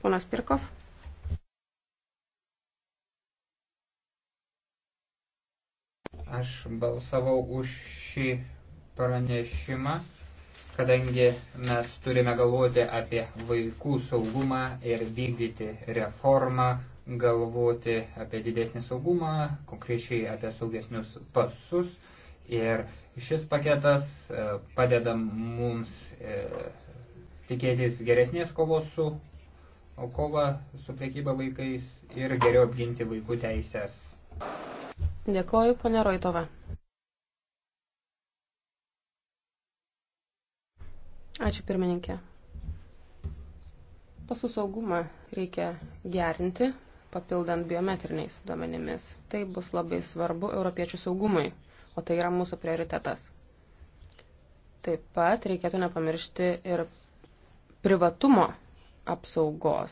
Ponas Pirkov. Aš balsavau už šį pranešimą, kadangi mes turime galvoti apie vaikų saugumą ir vykdyti reformą, galvoti apie didesnį saugumą, konkrečiai apie saugesnius pasus. Ir šis paketas e, padeda mums e, tikėtis geresnės kovos su kovą su priekyba vaikais ir geriau apginti vaikų teisės. Dėkoju, ponė Roitova. Ačiū pirmininkė. Pasų saugumą reikia gerinti, papildant biometriniais duomenimis. Tai bus labai svarbu europiečių saugumui, o tai yra mūsų prioritetas. Taip pat reikėtų nepamiršti ir privatumo apsaugos.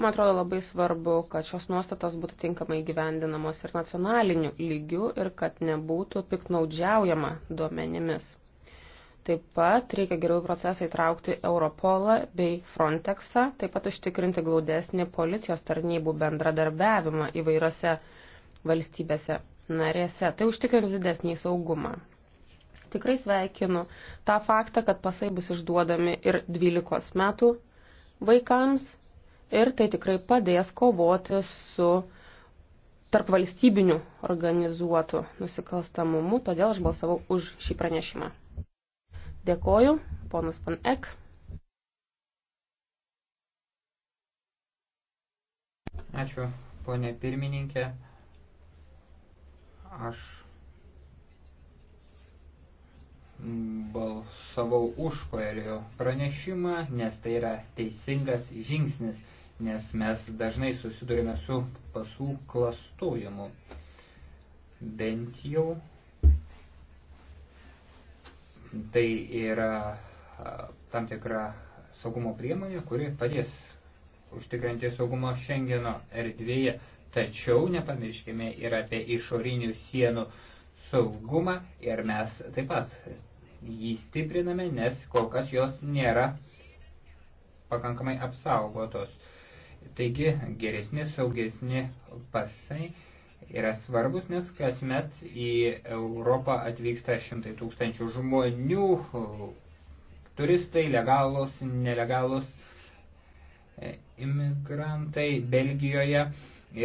Man atrodo labai svarbu, kad šios nuostatos būtų tinkamai gyvendinamos ir nacionaliniu lygiu ir kad nebūtų piknaudžiaujama duomenimis. Taip pat reikia geriau į procesą įtraukti Europolą bei Frontexą, taip pat užtikrinti glaudesnį policijos tarnybų bendradarbiavimą įvairiose valstybėse narėse. Tai užtikrins didesnį saugumą. Tikrai sveikinu tą faktą, kad pasai bus išduodami ir 12 metų vaikams ir tai tikrai padės kovoti su tarp valstybinių organizuotų nusikalstamumu, todėl aš balsavau už šį pranešimą. Dėkoju, ponas Pan Ek. Ačiū, ponė pirmininkė. Aš balsavau už Koelio pranešimą, nes tai yra teisingas žingsnis, nes mes dažnai susidurime su pasų klastojimu. Bent jau tai yra tam tikra saugumo priemonė, kuri padės užtikrinti saugumą Šengeno erdvėje. Tačiau nepamirškime ir apie išorinių sienų saugumą ir mes taip pat jį stipriname, nes kol kas jos nėra pakankamai apsaugotos. Taigi geresni, saugesni pasai yra svarbus, nes kasmet į Europą atvyksta šimtai tūkstančių žmonių, turistai, legalos, nelegalos e, imigrantai Belgijoje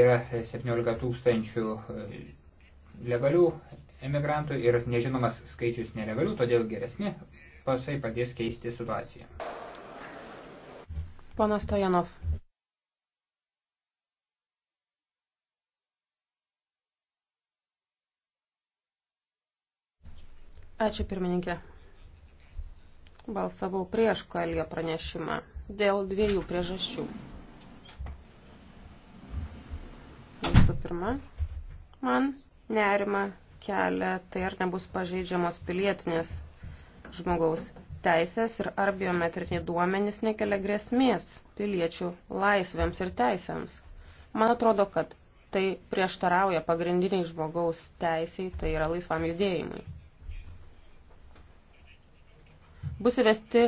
yra 17 tūkstančių e, legalių imigrantų ir nežinomas skaičius nelegalių, todėl geresni pasai padės keisti situaciją. Ponas Stojanov. Ačiū pirmininkė. Balsavau prieš Koelio pranešimą dėl dviejų priežasčių. Visų pirma, man nerima kelia tai, ar nebus pažeidžiamos pilietinės žmogaus teisės ir ar biometriniai duomenys nekelia grėsmės piliečių laisvėms ir teisėms. Man atrodo, kad tai prieštarauja pagrindiniai žmogaus teisiai, tai yra laisvam judėjimui. Bus įvesti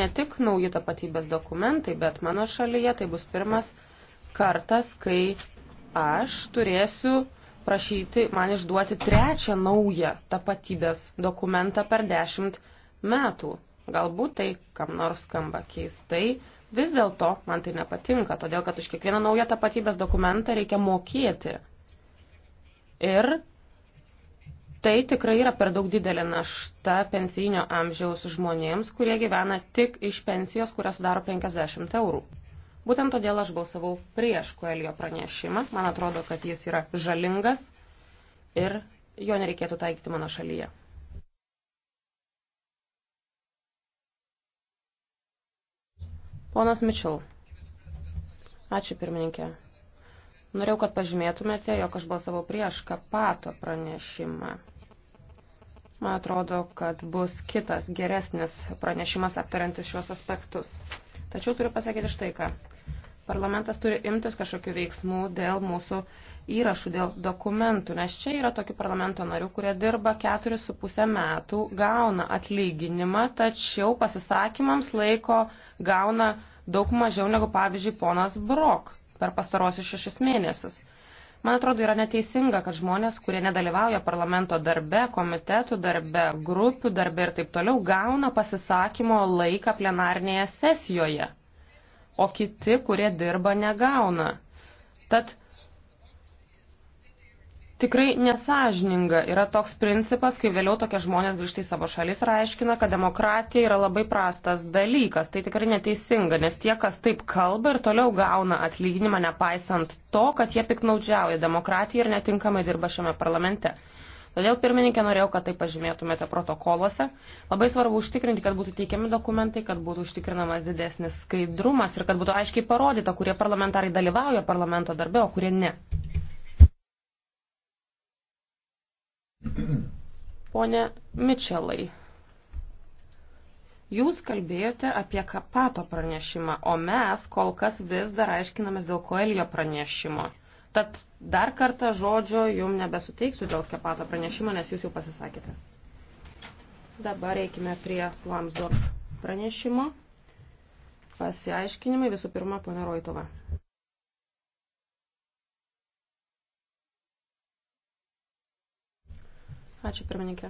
ne tik nauji tapatybės dokumentai, bet mano šalyje tai bus pirmas kartas, kai aš turėsiu prašyti man išduoti trečią naują tapatybės dokumentą per dešimt metų. Galbūt tai kam nors skamba keistai, vis dėlto man tai nepatinka, todėl kad už kiekvieną naują tapatybės dokumentą reikia mokėti. Ir tai tikrai yra per daug didelė našta pensijinio amžiaus žmonėms, kurie gyvena tik iš pensijos, kurią sudaro 50 eurų. Būtent todėl aš balsavau prieš Koelio pranešimą. Man atrodo, kad jis yra žalingas ir jo nereikėtų taikyti mano šalyje. Ponas Mitchell. Ačiū pirmininkė. Norėjau, kad pažymėtumėte, jog aš balsavau prieš kapato pranešimą. Man atrodo, kad bus kitas geresnis pranešimas aptariantis šios aspektus. Tačiau turiu pasakyti štai ką parlamentas turi imtis kažkokių veiksmų dėl mūsų įrašų, dėl dokumentų, nes čia yra tokių parlamento narių, kurie dirba 4,5 metų, gauna atlyginimą, tačiau pasisakymams laiko gauna daug mažiau negu, pavyzdžiui, ponas Brok per pastarosius šešis mėnesius. Man atrodo, yra neteisinga, kad žmonės, kurie nedalyvauja parlamento darbe, komitetų darbe, grupių darbe ir taip toliau, gauna pasisakymo laiką plenarnėje sesijoje o kiti, kurie dirba, negauna. Tad tikrai nesažininga yra toks principas, kai vėliau tokie žmonės grįžta į savo šalis ir aiškina, kad demokratija yra labai prastas dalykas. Tai tikrai neteisinga, nes tie, kas taip kalba ir toliau gauna atlyginimą, nepaisant to, kad jie piknaudžiauja demokratiją ir netinkamai dirba šiame parlamente. Todėl, pirmininkė, norėjau, kad tai pažymėtumėte protokoluose. Labai svarbu užtikrinti, kad būtų teikiami dokumentai, kad būtų užtikrinamas didesnis skaidrumas ir kad būtų aiškiai parodyta, kurie parlamentarai dalyvauja parlamento darbe, o kurie ne. Pone Mičelai, jūs kalbėjote apie Kapato pranešimą, o mes kol kas vis dar aiškinamės dėl Koelio pranešimo. Tad dar kartą žodžio jum nebesuteiksiu dėl kepato pranešimo, nes jūs jau pasisakėte. Dabar reikime prie Lamsdorf pranešimo. Pasiaiškinimai visų pirma, pana Roitova. Ačiū pirmininkė.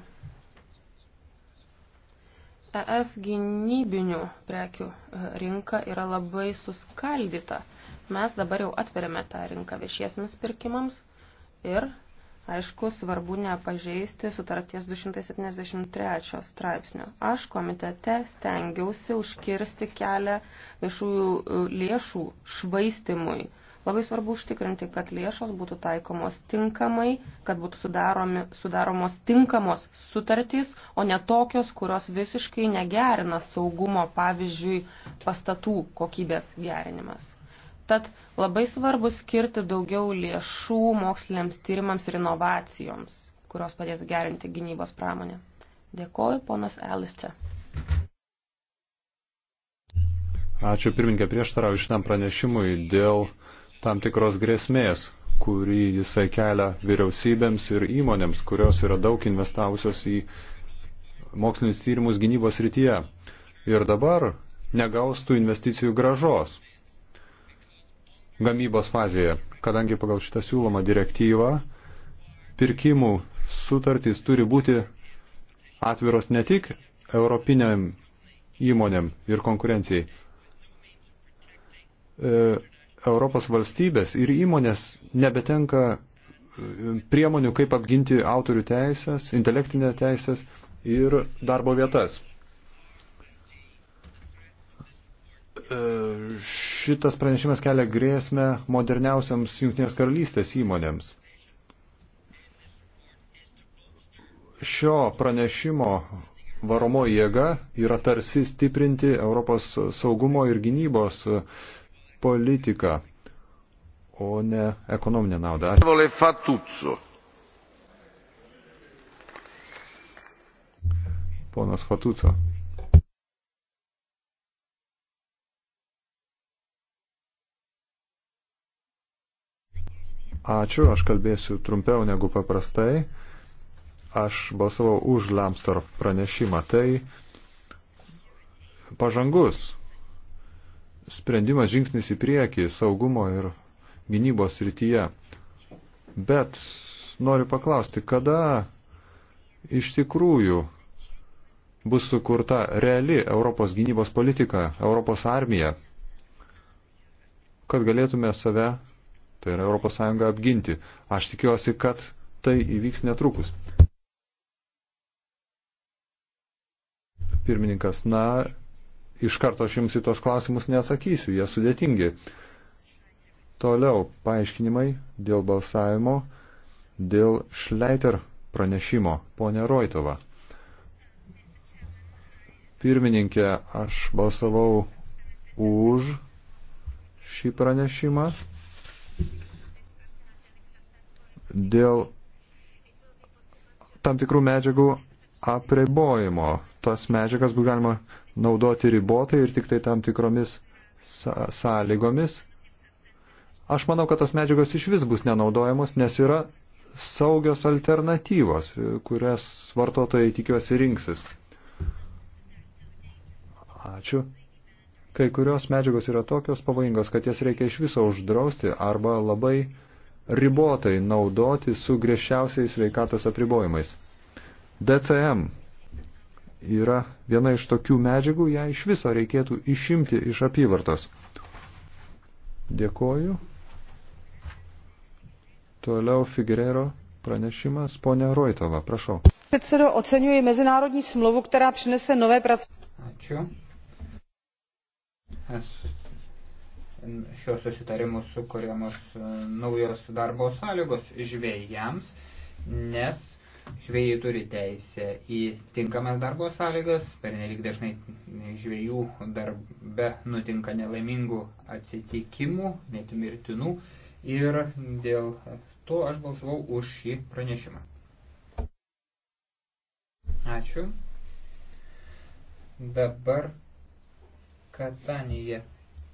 ES gynybinių prekių e, rinka yra labai suskaldyta Mes dabar jau atveriame tą rinką viešiesiams pirkimams ir, aišku, svarbu nepažeisti sutarties 273 straipsnio. Aš komitete stengiausi užkirsti kelią viešųjų e, lėšų švaistimui. Labai svarbu užtikrinti, kad lėšos būtų taikomos tinkamai, kad būtų sudaromi, sudaromos tinkamos sutartys, o ne tokios, kurios visiškai negerina saugumo, pavyzdžiui, pastatų kokybės gerinimas. Tad labai svarbu skirti daugiau lėšų moksliniams tyrimams ir inovacijoms, kurios padėtų gerinti gynybos pramonę. Dėkoju, ponas Elis čia. Ačiū pirmininkė prieštarau šitam pranešimui dėl tam tikros grėsmės, kurį jisai kelia vyriausybėms ir įmonėms, kurios yra daug investavusios į mokslinius tyrimus gynybos rytyje. Ir dabar negaus tų investicijų gražos gamybos fazėje, kadangi pagal šitą siūlomą direktyvą pirkimų sutartys turi būti atviros ne tik europiniam įmonėm ir konkurencijai. E, Europos valstybės ir įmonės nebetenka e, priemonių, kaip apginti autorių teisės, intelektinę teisės ir darbo vietas. E, šitas pranešimas kelia grėsmę moderniausiams Junktinės karalystės įmonėms. Šio pranešimo varomo jėga yra tarsi stiprinti Europos saugumo ir gynybos politiką, o ne ekonominę naudą. Ponas Fatuco. Ačiū, aš kalbėsiu trumpiau negu paprastai. Aš balsavau už Lamstorf pranešimą. Tai pažangus sprendimas žingsnis į priekį saugumo ir gynybos rytyje. Bet noriu paklausti, kada iš tikrųjų bus sukurta reali Europos gynybos politika, Europos armija, kad galėtume save tai yra ES apginti. Aš tikiuosi, kad tai įvyks netrukus. Pirmininkas, na, iš karto aš jums į tos klausimus nesakysiu, jie sudėtingi. Toliau paaiškinimai dėl balsavimo, dėl Šleiter pranešimo, ponė Roitova. Pirmininkė, aš balsavau už šį pranešimą dėl tam tikrų medžiagų apribojimo. Tas medžiagas bus galima naudoti ribotai ir tik tai tam tikromis sąlygomis. Aš manau, kad tas medžiagos iš vis bus nenaudojamos, nes yra saugios alternatyvos, kurias vartotojai tikiuosi rinksis. Ačiū. Kai kurios medžiagos yra tokios pavojingos, kad jas reikia iš viso uždrausti arba labai uh, ribotai naudoti su griežčiausiais sveikatos apribojimais. DCM yra viena iš tokių medžiagų, ją iš viso reikėtų išimti iš apyvartos. Dėkoju. Toliau Figuerero pranešimas. Pone Roitova, prašau. Předsedo, oceňuji mezinárodní smlouvu, která přinese nové pracovní. Ačiū. Esu šios susitarimus sukūriamos e, naujos darbo sąlygos žvėjams, nes žvėjai turi teisę į tinkamas darbo sąlygas, per nelik dažnai žvėjų darbe nutinka nelaimingų atsitikimų, net mirtinų, ir dėl to aš balsavau už šį pranešimą. Ačiū. Dabar Katanija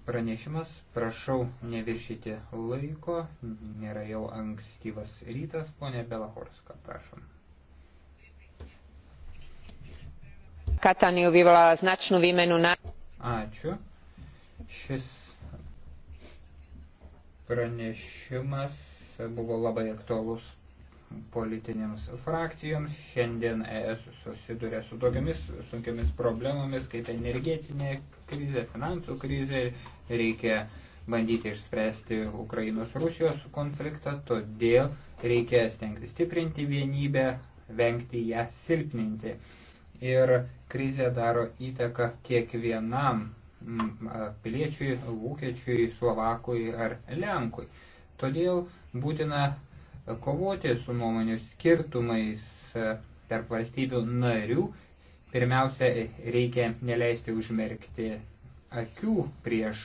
pranešimas, prašau neviršyti laiko, nėra jau ankstyvas rytas, ponė Belahorska, prašom. Kataniju vyvolala značnų výmenu na... Ačiū. Šis pranešimas buvo labai aktualus politinėms frakcijoms. Šiandien ES susiduria su tokiamis sunkiamis problemomis kaip energetinė krizė, finansų krizė. Reikia bandyti išspręsti Ukrainos-Rusijos konfliktą, todėl reikia stengti stiprinti vienybę, vengti ją silpninti. Ir krizė daro įtaką kiekvienam piliečiui, vokiečiui, slovakui ar lenkui. Todėl būtina kovoti su nuomonių skirtumais e, tarp valstybių narių, pirmiausia, reikia neleisti užmerkti akių prieš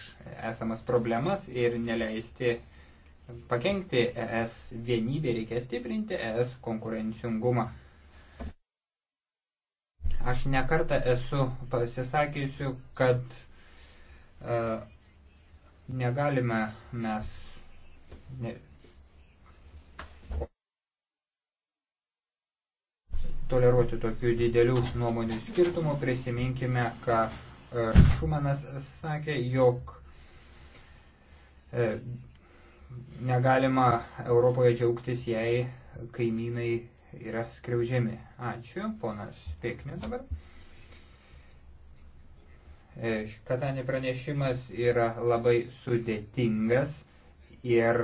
esamas problemas ir neleisti pakengti ES vienybė, reikia stiprinti ES konkurencingumą. Aš nekartą esu pasisakysiu, kad e, negalime mes ne, toleruoti tokių didelių nuomonių skirtumų. Prisiminkime, ką e, Šumanas sakė, jog e, negalima Europoje džiaugtis, jei kaimynai yra skriaužiami. Ačiū, ponas Pėknė dabar. E, Katanė pranešimas yra labai sudėtingas ir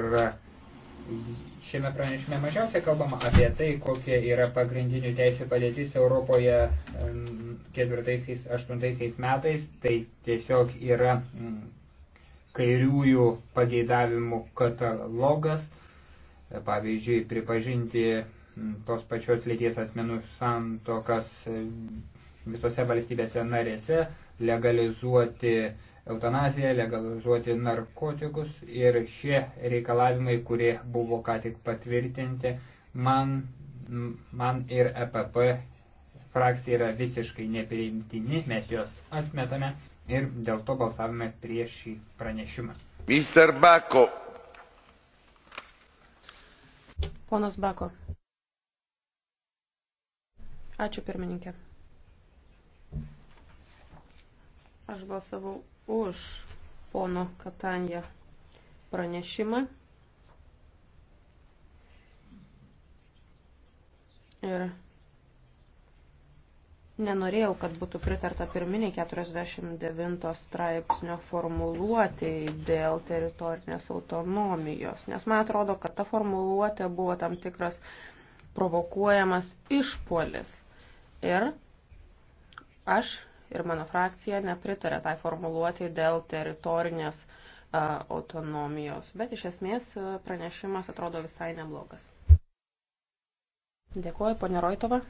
Šiame pranešime mažiausiai kalbama apie tai, kokia yra pagrindinių teisų padėtis Europoje ketvirtaisiais, aštuntaisiais metais. Tai tiesiog yra kairiųjų pageidavimų katalogas. Pavyzdžiui, pripažinti tos pačios lyties asmenų santokas visose valstybėse narėse, legalizuoti uh, eutanaziją, legalizuoti narkotikus ir šie reikalavimai, kurie buvo ką tik patvirtinti, man, man ir EPP frakcija yra visiškai nepriimtini, mes juos atmetame ir dėl to balsavome prieš šį pranešimą. Mr. Bako. Ponas Bako. Ačiū pirmininkė. Aš balsavau už pono Katanja pranešimą. Ir nenorėjau, kad būtų pritarta pirminiai 49 straipsnio formuluotėjai dėl teritorinės autonomijos, nes man atrodo, kad ta formuluotė buvo tam tikras provokuojamas išpolis. Ir aš ir mano frakcija nepritarė tai formuluoti dėl teritorinės autonomijos, bet iš esmės pranešimas atrodo visai neblogas. Dėkuoju, ponė Roitova.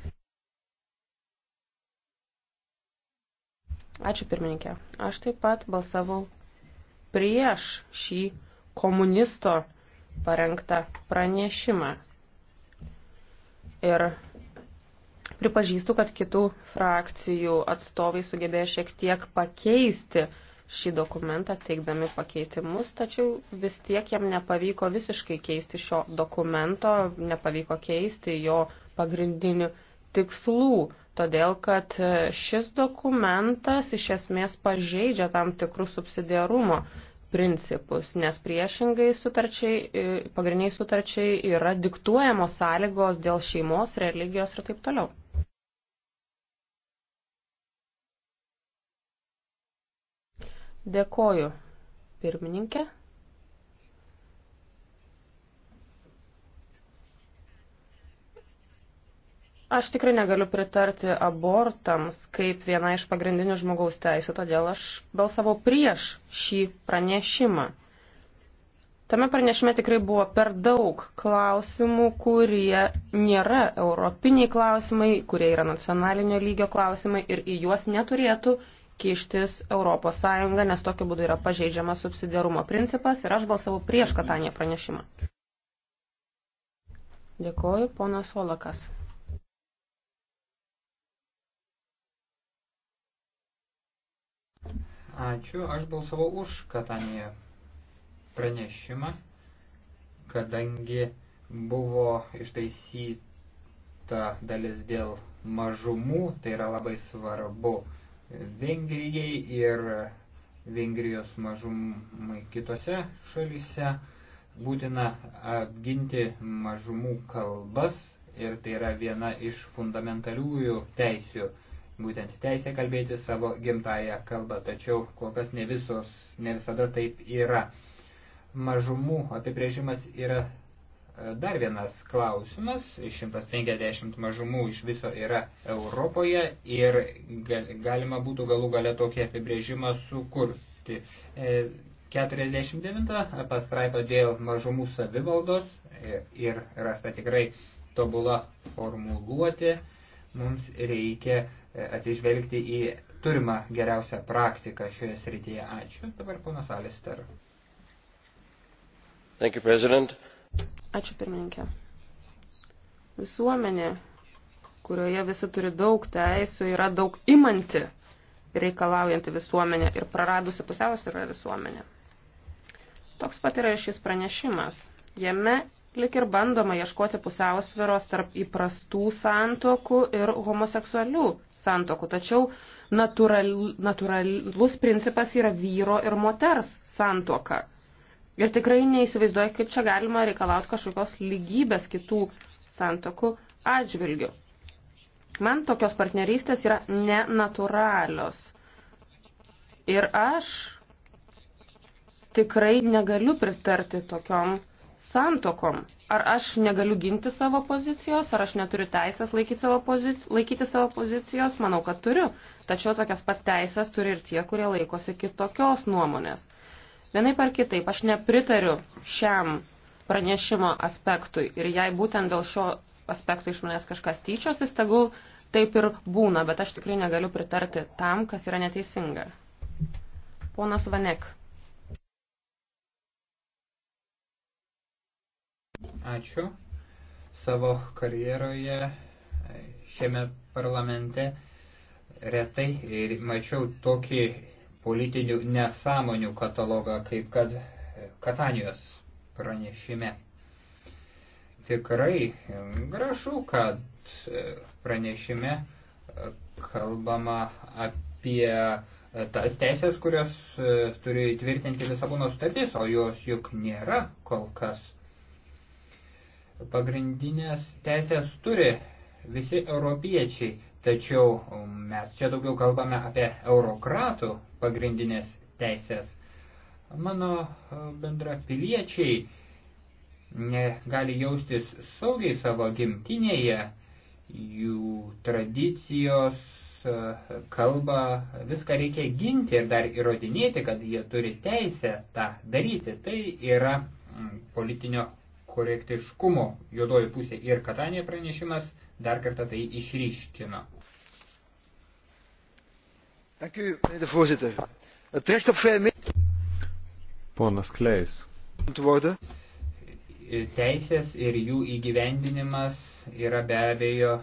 Ačiū pirmininkė. Aš taip pat balsavau prieš šį komunisto parengtą pranešimą. Ir Pripažįstu, kad kitų frakcijų atstovai sugebėjo šiek tiek pakeisti šį dokumentą, teikdami pakeitimus, tačiau vis tiek jam nepavyko visiškai keisti šio dokumento, nepavyko keisti jo pagrindinių tikslų, todėl kad šis dokumentas iš esmės pažeidžia tam tikrus subsidiarumo principus, nes priešingai sutarčiai, e, pagrindiniai sutarčiai yra diktuojamos sąlygos dėl šeimos, religijos ir taip toliau. Dėkoju, pirmininkė. Aš tikrai negaliu pritarti abortams kaip viena iš pagrindinių žmogaus teisų, todėl aš balsavau prieš šį pranešimą. Tame pranešime tikrai buvo per daug klausimų, kurie nėra europiniai klausimai, kurie yra nacionalinio lygio klausimai ir į juos neturėtų kištis ES, nes tokiu būdu yra pažeidžiamas subsidiarumo principas ir aš balsavau prieš Katanė pranešimą. Dėkoju, ponas Olakas. Ačiū, aš balsavau už Katanėje pranešimą, kadangi buvo ištaisyta dalis dėl mažumų, tai yra labai svarbu. Vengrijai ir Vengrijos mažumai kitose šalyse būtina apginti mažumų kalbas ir tai yra viena iš fundamentaliųjų teisių, būtent teisė kalbėti savo gimtają kalbą, tačiau kol kas ne visos, ne visada taip yra. Mažumų apibrėžimas yra Dar vienas klausimas. 150 mažumų iš viso yra Europoje ir galima būtų galų gale tokį apibrėžimą sukurti. 49 e, pastraipa dėl mažumų savivaldos e, ir rasta tikrai tobula formuluoti. Mums reikia e, atsižvelgti į turimą geriausią praktiką šioje srityje. Ačiū. Dabar ponas Alister. Thank you, President. Uh, Ačiū pirmininkė. Visuomenė, kurioje visi turi daug teisų, yra daug imanti reikalaujanti visuomenė ir praradusi pusiausvyrą visuomenė. Toks pat yra šis pranešimas. Jame lik ir bandoma ieškoti pusiausviros tarp įprastų santokų ir homoseksualių santokų. Tačiau natural, natūralus principas yra vyro ir moters santoka. Ir tikrai neįsivaizduoju, kaip čia galima reikalauti kažkokios lygybės kitų santokų atžvilgių. Man tokios partnerystės yra nenaturalios. Ir aš tikrai negaliu pritarti tokiom santokom. Ar aš negaliu ginti savo pozicijos, ar aš neturiu teisės laikyti savo, pozici laikyti savo pozicijos, manau, kad turiu. Tačiau tokias pat teisės turi ir tie, kurie laikosi kitokios nuomonės. Vienai par kitaip, aš nepritariu šiam pranešimo aspektui ir jei būtent dėl šio aspektų iš manęs kažkas tyčiosis, tegul taip ir būna, bet aš tikrai negaliu pritarti tam, kas yra neteisinga. Ponas Vanek. Ačiū. Savo karjeroje e, šiame parlamente retai mačiau tokį politinių nesąmonių katalogą, kaip kad Katanijos pranešime. Tikrai gražu, kad pranešime kalbama apie tas teisės, kurios turi įtvirtinti Lisabono sutartis, o jos juk nėra kol kas. Pagrindinės teisės turi visi europiečiai, Tačiau um, mes čia daugiau kalbame apie eurokratų pagrindinės teisės. Mano uh, bendrapiliečiai negali jaustis saugiai savo gimtinėje, jų tradicijos, uh, kalba, viską reikia ginti ir dar įrodinėti, kad jie turi teisę tą daryti. Tai yra um, politinio korektiškumo juodoji pusė ir Katanė pranešimas dar kartą tai išryškino. Ponas Kleis. Teisės ir jų įgyvendinimas yra be abejo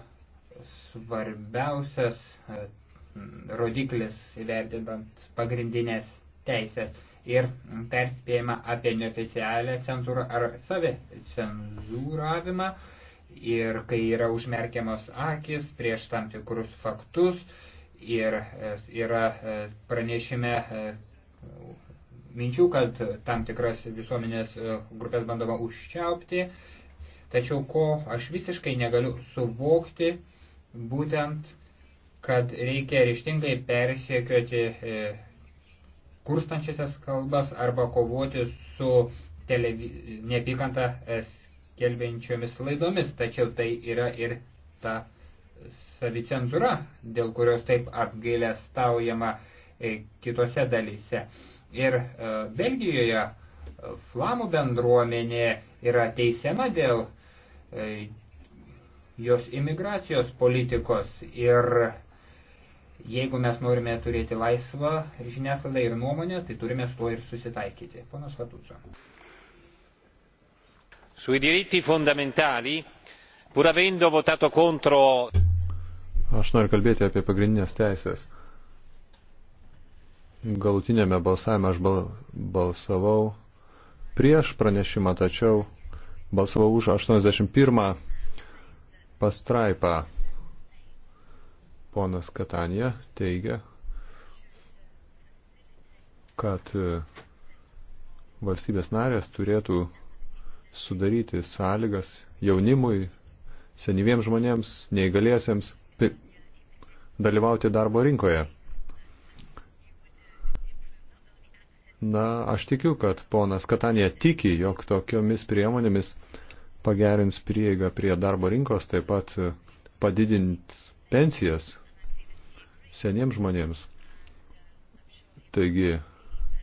svarbiausias mm, rodiklis įvertinant pagrindinės teisės ir perspėjimą apie neoficialią cenzūrą ar savi cenzūravimą ir kai yra užmerkiamos akis prieš tam tikrus faktus ir e, yra e, pranešime e, minčių, kad tam tikras visuomenės grupės bandoma užčiaupti, tačiau ko aš visiškai negaliu suvokti, būtent, kad reikia ryštingai persiekioti kurstančiasias kalbas arba kovoti su televi... neapykanta skelbiančiomis laidomis, tačiau tai yra ir ta savicenzūra, dėl kurios taip apgailę staujama e, kitose dalyse. Ir e, Belgijoje e, flamų bendruomenė yra teisiama dėl jos imigracijos politikos ir jeigu mes norime turėti laisvą žiniasklaidą ir nuomonę, tai turime su tuo ir susitaikyti. Ponas Vatuco sui diritti fondamentali pur avendo votato contro. Aš noriu kalbėti apie pagrindinės teisės. Galutinėme balsavime aš bal, balsavau prieš pranešimą, tačiau balsavau už 81 pastraipą. Ponas Katanija teigia, kad e, valstybės narės turėtų sudaryti sąlygas jaunimui, senyviems žmonėms, neįgaliesiems dalyvauti darbo rinkoje. Na, aš tikiu, kad ponas Katanė tiki, jog tokiomis priemonėmis pagerins prieigą prie darbo rinkos, taip pat padidint pensijas seniems žmonėms. Taigi,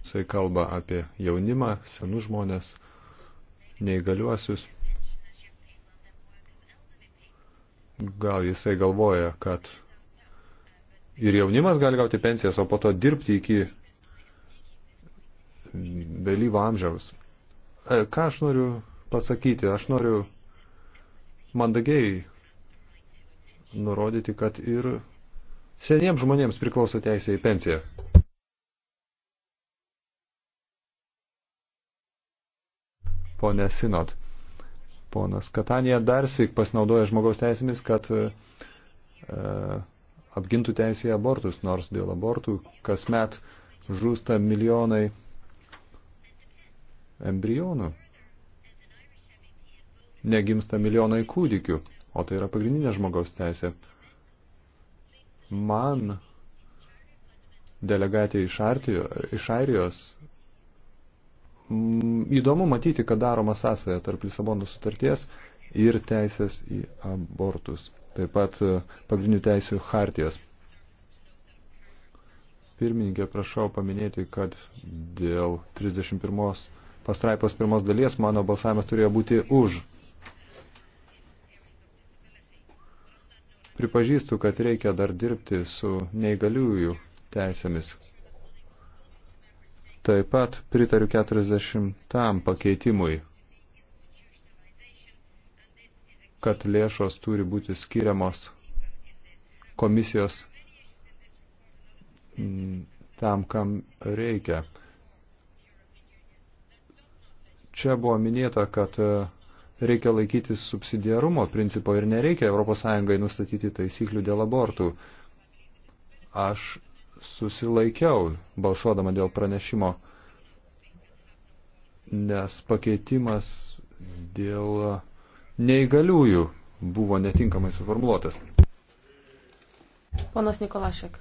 jisai kalba apie jaunimą, senus žmonės – neįgaliuosius. Gal jisai galvoja, kad ir jaunimas gali gauti pensijas, o po to dirbti iki vėlyvo amžiaus. E, ką aš noriu pasakyti? Aš noriu mandagiai nurodyti, kad ir seniems žmonėms priklauso teisė į pensiją. ponė Sinot. Ponas Katanija dar sik pasinaudoja žmogaus teisėmis, kad e, e, apgintų teisę į abortus, nors dėl abortų kasmet žūsta milijonai embrionų. Negimsta milijonai kūdikių, o tai yra pagrindinė žmogaus teisė. Man delegatė iš, Artijo, iš Airijos Mm, įdomu matyti, kad daroma sąsaja tarp Lisabono sutarties ir teisės į abortus. Taip pat e, pagrindinių teisų hartijos. Pirmininkė, prašau paminėti, kad dėl 31 pastraipos pirmos dalies mano balsavimas turėjo būti už. Pripažįstu, kad reikia dar dirbti su neįgaliųjų teisėmis. Taip pat pritariu 40 pakeitimui, kad lėšos turi būti skiriamos komisijos mm, tam, kam reikia. Čia buvo minėta, kad e, reikia laikytis subsidiarumo principo ir nereikia ES nustatyti taisyklių dėl abortų. Aš susilaikiau balsuodama dėl pranešimo, nes pakeitimas dėl neįgaliųjų buvo netinkamai suformuoluotas. Ponas Nikolašek.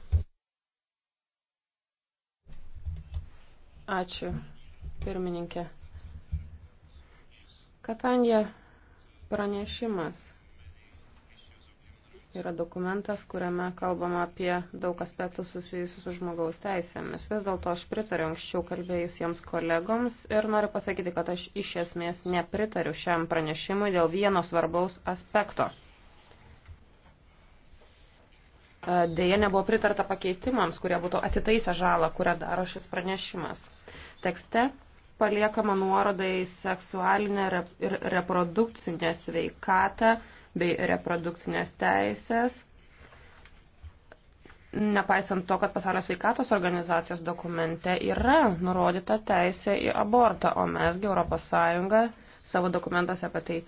Ačiū, pirmininkė. Katanje pranešimas yra dokumentas, kuriame kalbama apie daug aspektų susijusių su žmogaus teisėmis. Vis dėlto aš pritariu anksčiau kalbėjusiems kolegoms ir noriu pasakyti, kad aš iš esmės nepritariu šiam pranešimui dėl vieno svarbaus aspekto. E, Deja, nebuvo pritarta pakeitimams, kurie būtų atitaisę žalą, kurią daro šis pranešimas. Tekste paliekama nuorodai seksualinę ir reprodukcinę sveikatą bei reprodukcinės teisės. Nepaisant to, kad pasaulio sveikatos organizacijos dokumente yra nurodyta teisė į abortą, o mesgi Europos Sąjunga savo dokumentuose apie tai e,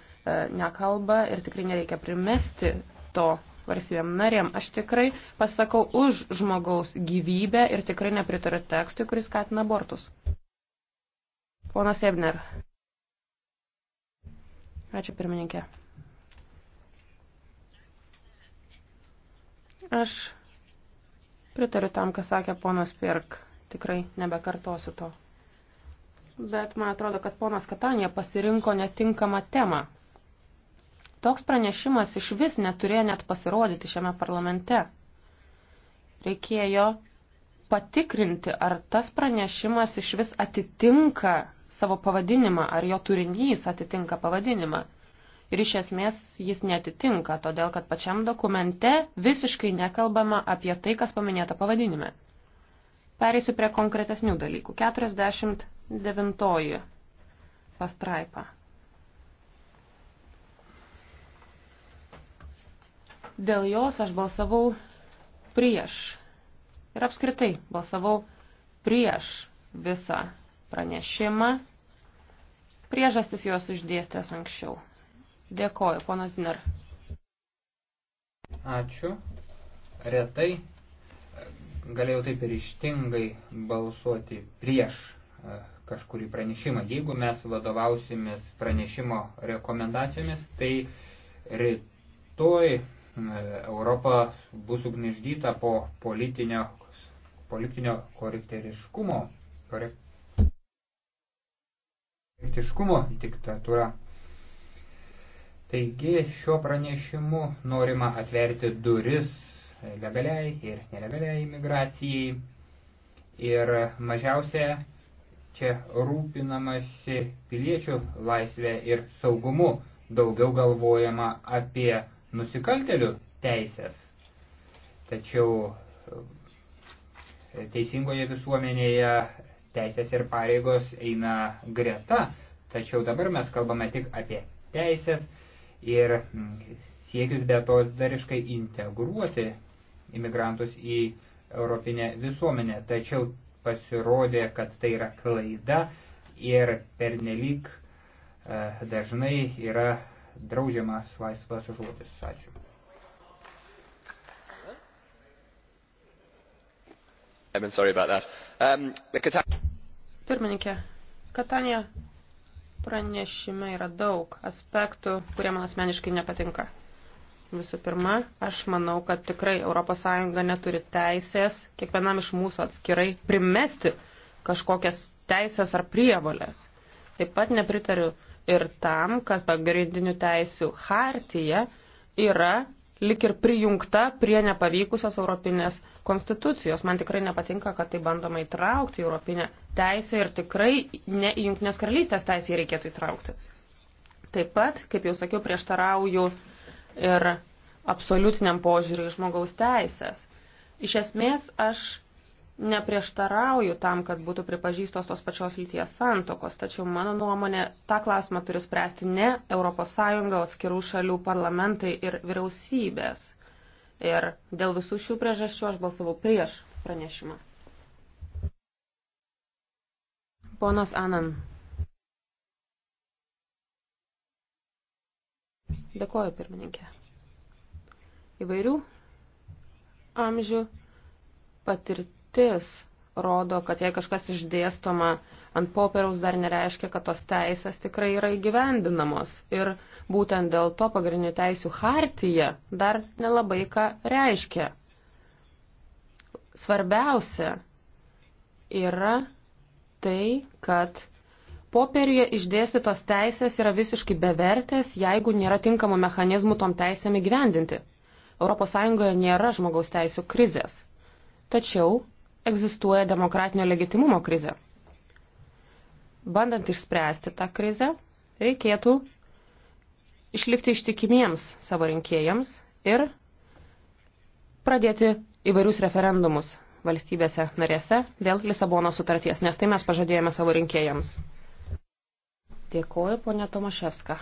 nekalba ir tikrai nereikia primesti to valstybėm narėm. Aš tikrai pasakau už žmogaus gyvybę ir tikrai nepritariu tekstui, kuris skatina abortus. Ponas Ebner. Ačiū pirmininkė. Aš pritariu tam, ką sakė ponas Pirk. Tikrai nebekartosiu to. Bet man atrodo, kad ponas Katanija pasirinko netinkamą temą. Toks pranešimas iš vis neturėjo net pasirodyti šiame parlamente. Reikėjo patikrinti, ar tas pranešimas iš vis atitinka savo pavadinimą, ar jo turinys atitinka pavadinimą ir iš esmės jis netitinka, todėl kad pačiam dokumente visiškai nekalbama apie tai, kas paminėta pavadinime. Pereisiu prie konkretesnių dalykų. 49 pastraipa. Dėl jos aš balsavau prieš ir apskritai balsavau prieš visą pranešimą. Priežastis jos išdėstęs anksčiau. Dėkoju, ponas Diner. Ačiū. Retai e, galėjau taip ir ištingai balsuoti prieš e, kažkurį pranešimą. Jeigu mes vadovausimės pranešimo rekomendacijomis, tai rytoj e, Europa bus ugniždyta po politinio, politinio korekteriškumo, korekteriškumo diktatūra. Taigi šiuo pranešimu norima atverti duris legaliai ir nelegaliai imigracijai ir mažiausia čia rūpinamasi piliečių laisvė ir saugumu, daugiau galvojama apie nusikaltelių teisės. Tačiau e, teisingoje visuomenėje teisės ir pareigos eina greta, tačiau dabar mes kalbame tik apie teisės ir siekis betodariškai integruoti imigrantus į europinę visuomenę. Tačiau pasirodė, kad tai yra klaida ir pernelyg e, dažnai yra draudžiamas laisvas žodis. Ačiū. Um, Pirmininkė, Katanija Pranešime yra daug aspektų, kurie man asmeniškai nepatinka. Visų pirma, aš manau, kad tikrai ES neturi teisės kiekvienam iš mūsų atskirai primesti kažkokias teisės ar prievolės. Taip pat nepritariu ir tam, kad pagrindinių teisių hartija yra lik ir prijungta prie nepavykusios Europinės konstitucijos. Man tikrai nepatinka, kad tai bandoma įtraukti į Europinę teisę ir tikrai ne į Junktinės karalystės teisę reikėtų įtraukti. Taip pat, kaip jau sakiau, prieštarauju ir absoliutiniam požiūriui žmogaus teisės. Iš esmės, aš neprieštarauju tam, kad būtų pripažįstos tos pačios lyties santokos, tačiau mano nuomonė tą klausimą turi spręsti ne ES, atskirų šalių parlamentai ir vyriausybės. Ir dėl visų šių priežasčių aš balsavau prieš pranešimą. Ponas Anan. Dėkoju, pirmininkė. Įvairių amžių patirti patirtis rodo, kad jei kažkas išdėstoma ant popieriaus, dar nereiškia, kad tos teisės tikrai yra įgyvendinamos. Ir būtent dėl to pagrindinių teisių hartija dar nelabai ką reiškia. Svarbiausia yra tai, kad popieriuje išdėstytos teisės yra visiškai bevertės, jeigu nėra tinkamų mechanizmų tom teisėm įgyvendinti. ES nėra žmogaus teisų krizės. Tačiau egzistuoja demokratinio legitimumo krize. Bandant išspręsti tą krizę, reikėtų išlikti ištikimiems savo rinkėjams ir pradėti įvairius referendumus valstybėse narėse dėl Lisabono sutarties, nes tai mes pažadėjome savo rinkėjams. Dėkuoju, ponė Tomaševska.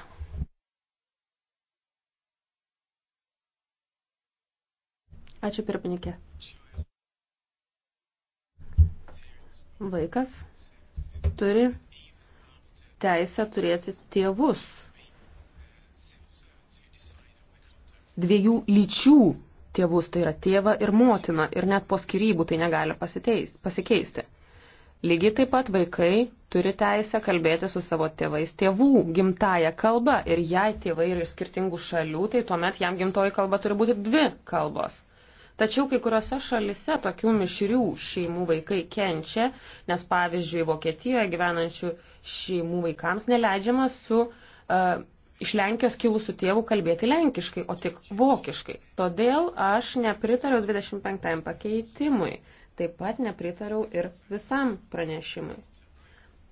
Ačiū, pirmininkė. Vaikas turi teisę turėti tėvus dviejų lyčių tėvus, tai yra tėvą ir motiną, ir net po skirybų tai negali pasiteis, pasikeisti. Lygiai taip pat vaikai turi teisę kalbėti su savo tėvais tėvų gimtaja kalba, ir jei tėvai yra iš skirtingų šalių, tai tuomet jam gimtoji kalba turi būti dvi kalbos. Tačiau kai kuriuose šalise tokių mišrių šeimų vaikai kenčia, nes pavyzdžiui, Vokietijoje gyvenančių šeimų vaikams neleidžiama su uh, iš Lenkijos kilusių tėvų kalbėti lenkiškai, o tik vokiškai. Todėl aš nepritariau 25 pakeitimui, taip pat nepritariau ir visam pranešimui.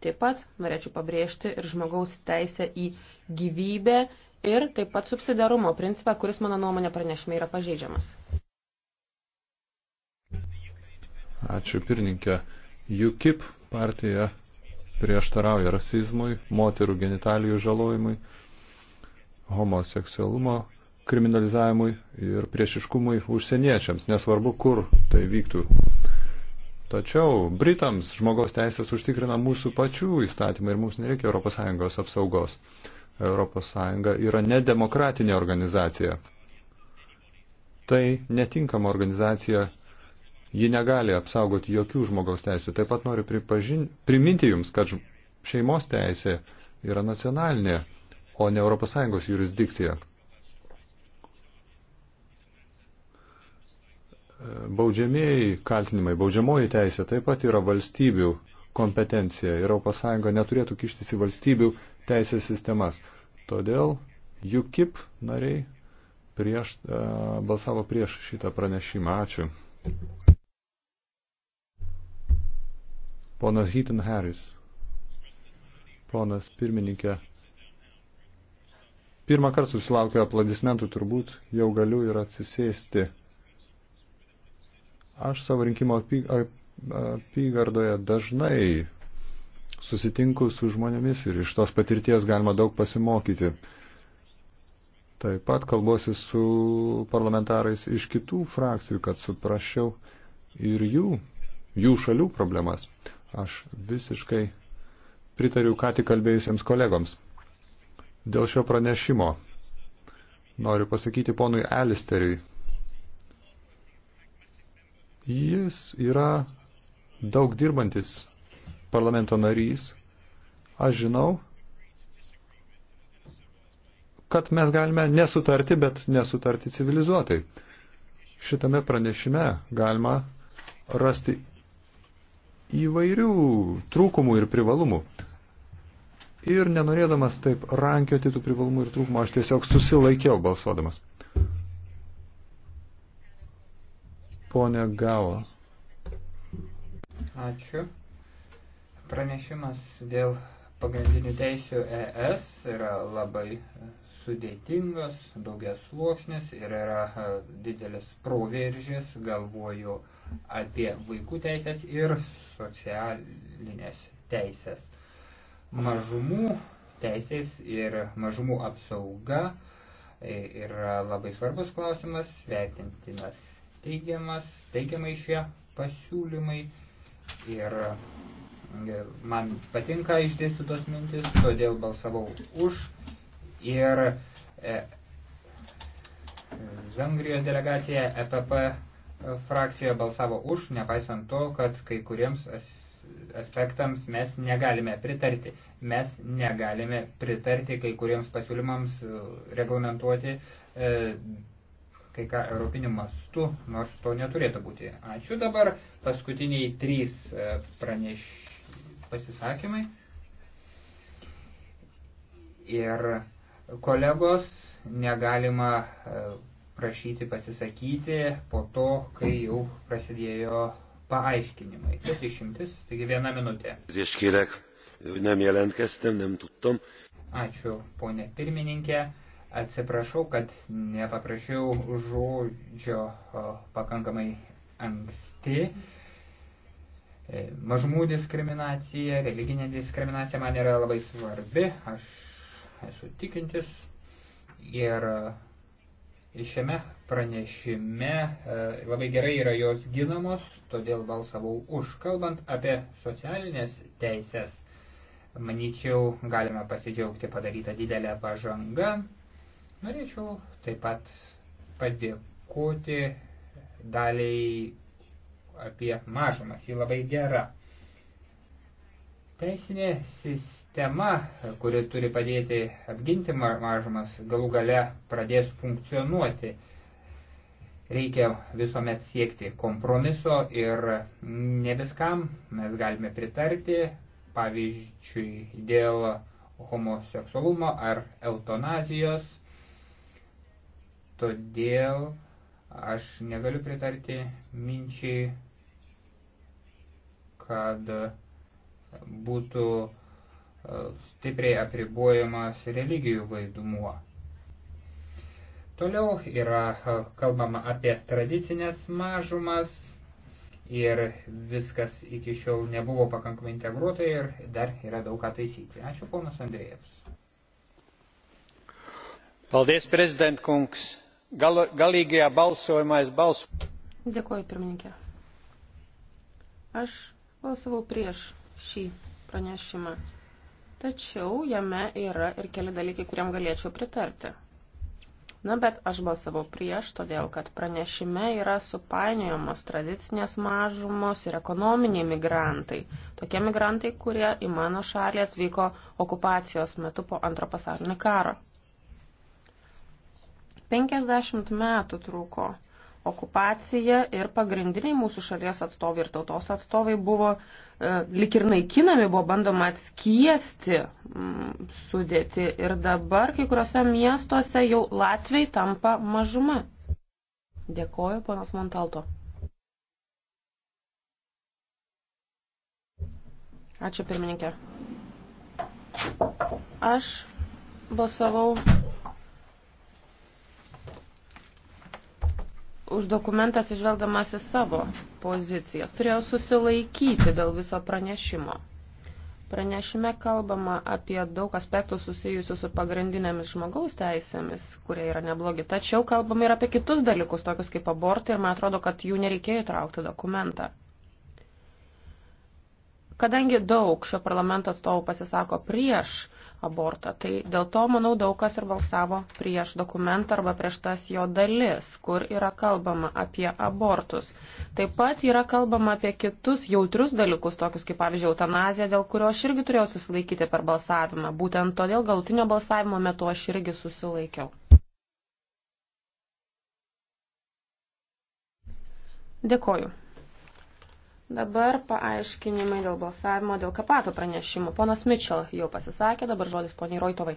Taip pat norėčiau pabrėžti ir žmogaus teisę į gyvybę ir taip pat subsidarumo principą, kuris mano nuomonė pranešime yra pažeidžiamas. Ačiū pirmininkė. UKIP partija prieštarauja rasizmui, moterų genitalijų žalojimui, homoseksualumo kriminalizavimui ir priešiškumui užsieniečiams, nesvarbu kur tai vyktų. Tačiau Britams žmogaus teisės užtikrina mūsų pačių įstatymą ir mums nereikia ES apsaugos. ES yra nedemokratinė organizacija. Tai netinkama organizacija Ji negali apsaugoti jokių žmogaus teisų. Taip pat noriu pripažin... priminti Jums, kad šeimos teisė yra nacionalinė, o ne ES jurisdikcija. Baudžiamieji kaltinimai, baudžiamoji teisė taip pat yra valstybių kompetencija. ES neturėtų kištis į valstybių teisės sistemas. Todėl UKIP nariai prieš, balsavo prieš šitą pranešimą. Ačiū. Ponas Heaton Harris. Ponas pirmininkė. Pirmą kartą susilaukiu aplodismentų, turbūt jau galiu ir atsisėsti. Aš savo rinkimo apygardoje dažnai susitinku su žmonėmis ir iš tos patirties galima daug pasimokyti. Taip pat kalbuosi su parlamentarais iš kitų frakcijų, kad suprasčiau ir jų, jų šalių problemas. Aš visiškai pritariu ką tik kalbėjusiems kolegoms. Dėl šio pranešimo noriu pasakyti ponui Alisteriui. Jis yra daug dirbantis parlamento narys. Aš žinau, kad mes galime nesutarti, bet nesutarti civilizuotai. Šitame pranešime galima rasti įvairių trūkumų ir privalumų. Ir nenorėdamas taip rankioti tų privalumų ir trūkumų, aš tiesiog susilaikiau balsuodamas. Pone Gavo. Ačiū. Pranešimas dėl pagrindinių teisių ES yra labai sudėtingas, daugias sluoksnis ir yra e, didelis proveržis, galvoju apie vaikų teisės ir socialinės teisės. Mažumų teisės ir mažumų apsauga yra labai svarbus klausimas, vertintinas teigiamas, teigiamai šie pasiūlymai ir man patinka išdėstytos mintis, todėl balsavau už ir e, Vengrijos delegacija EPP frakcija balsavo už, nepaisant to, kad kai kuriems aspektams mes negalime pritarti. Mes negalime pritarti kai kuriems pasiūlymams e, reglamentuoti e, kai ką europiniu mastu, nors to neturėtų būti. Ačiū dabar. Paskutiniai trys e, praneš pasisakymai. Ir kolegos negalima e, prašyti pasisakyti po to, kai jau prasidėjo paaiškinimai. Tas išimtis, taigi viena minutė. Zieškirek, nemėlentkestem, nemtuttom. Ačiū, ponė pirmininkė. Atsiprašau, kad nepaprašiau žodžio pakankamai anksti. E, mažumų diskriminacija, religinė diskriminacija man yra labai svarbi. Aš esu tikintis ir Šiame pranešime e, labai gerai yra jos ginamos, todėl balsavau už. Kalbant apie socialinės teisės, manyčiau, galime pasidžiaugti padarytą didelę pažangą. Norėčiau taip pat padėkoti daliai apie mažumas. Ji labai gera. Teisinė sistema sistema, kuri turi padėti apginti mažumas, galų gale pradės funkcionuoti. Reikia visuomet siekti kompromiso ir ne viskam mes galime pritarti, pavyzdžiui, dėl homoseksualumo ar eutanazijos. Todėl aš negaliu pritarti minčiai, kad būtų E, stipriai apribojamas religijų vaidumuo. Toliau yra e, kalbama apie tradicinės mažumas ir viskas iki šiol nebuvo pakankamai integruota ir dar yra daug ką taisyti. Ačiū ponas Andrėjevs. Paldies, prezident kungs. Gal, galīgajā balsojumā es balsu. Dėkuoju, pirmininkė. Aš balsavau prieš šį pranešimą. Tačiau jame yra ir keli dalykai, kuriam galėčiau pritarti. Na, bet aš balsavau prieš, todėl kad pranešime yra supainiojamos tradicinės mažumos ir ekonominiai migrantai. Tokie migrantai, kurie į mano šalį atvyko okupacijos metu po antro pasaulinio karo. 50 metų trūko okupacija ir pagrindiniai mūsų šalies atstovai ir tautos atstovai buvo e, lik ir naikinami, buvo bandoma atskiesti mm, sudėti ir dabar kai kuriuose miestuose jau Latvijai tampa mažuma. Dėkoju, ponas Montalto. Ačiū pirmininkė. Aš balsavau už dokumentą atsižvelgdamas į savo pozicijas. Turėjau susilaikyti dėl viso pranešimo. Pranešime kalbama apie daug aspektų susijusių su pagrindinėmis žmogaus teisėmis, kurie yra neblogi. Tačiau kalbama ir apie kitus dalykus, tokius kaip abortai, ir man atrodo, kad jų nereikėjo įtraukti dokumentą. Kadangi daug šio parlamento atstovų pasisako prieš abortą. Tai dėl to, manau, daug kas ir balsavo prieš dokumentą arba prieš tas jo dalis, kur yra kalbama apie abortus. Taip pat yra kalbama apie kitus jautrius dalykus, tokius kaip, pavyzdžiui, eutanazija, dėl kurio aš irgi turėjau susilaikyti per balsavimą. Būtent todėl galutinio balsavimo metu aš irgi susilaikiau. Dėkoju. Dabar paaiškinimai dėl balsavimo dėl kapato pranešimų. Ponas Mitchell jau pasisakė, dabar žodis poniai Roitovai.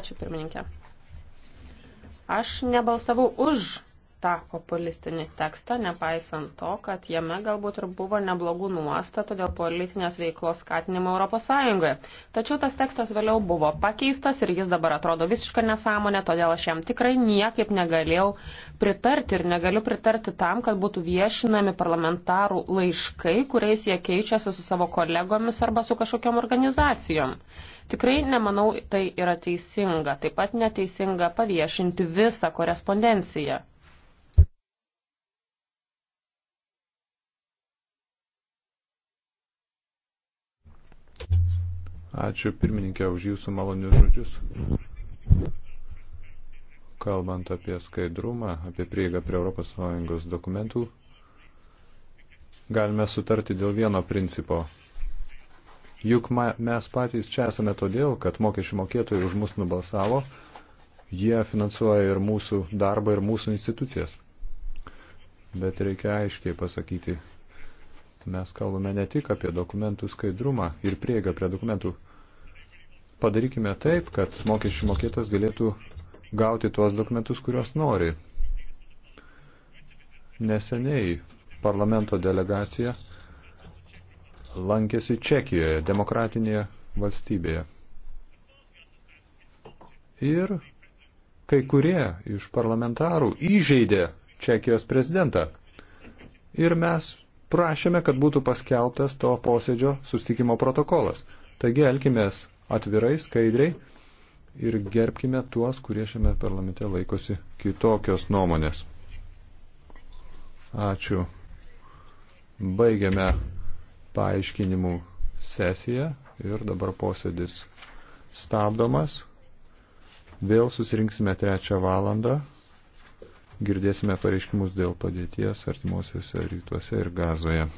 Ačiū pirmininkė. Aš nebalsavau už tą populistinį tekstą, nepaisant to, kad jame galbūt ir buvo neblogų nuostatų dėl politinės veiklos skatinimo Europos Sąjungoje. Tačiau tas tekstas vėliau buvo pakeistas ir jis dabar atrodo visišką nesąmonę, todėl aš jam tikrai niekaip negalėjau pritarti ir negaliu pritarti tam, kad būtų viešinami parlamentarų laiškai, kuriais jie keičiasi su savo kolegomis arba su kažkokiam organizacijom. Tikrai nemanau, tai yra teisinga. Taip pat neteisinga paviešinti visą korespondenciją. Ačiū pirmininkė už jūsų malonius žodžius. Kalbant apie skaidrumą, apie prieigą prie ES dokumentų, galime sutarti dėl vieno principo. Juk mes patys čia esame todėl, kad mokesčių mokėtojai už mus nubalsavo, jie finansuoja ir mūsų darbą, ir mūsų institucijas. Bet reikia aiškiai pasakyti, mes kalbame ne tik apie dokumentų skaidrumą ir prieigą prie dokumentų. Padarykime taip, kad mokesčių mokėtas galėtų gauti tuos dokumentus, kuriuos nori. Neseniai parlamento delegacija lankėsi Čekijoje, demokratinėje valstybėje. Ir kai kurie iš parlamentarų įžeidė Čekijos prezidentą. Ir mes prašėme, kad būtų paskelbtas to posėdžio sustikimo protokolas. Taigi elkimės atvirai, skaidriai ir gerbkime tuos, kurie šiame parlamente laikosi kitokios nuomonės. Ačiū. Baigiame paaiškinimų sesiją ir dabar posėdis stabdomas. Vėl susirinksime trečią valandą girdėsime pareiškimus dėl padėties artimuosiuose rytuose ir gazoje.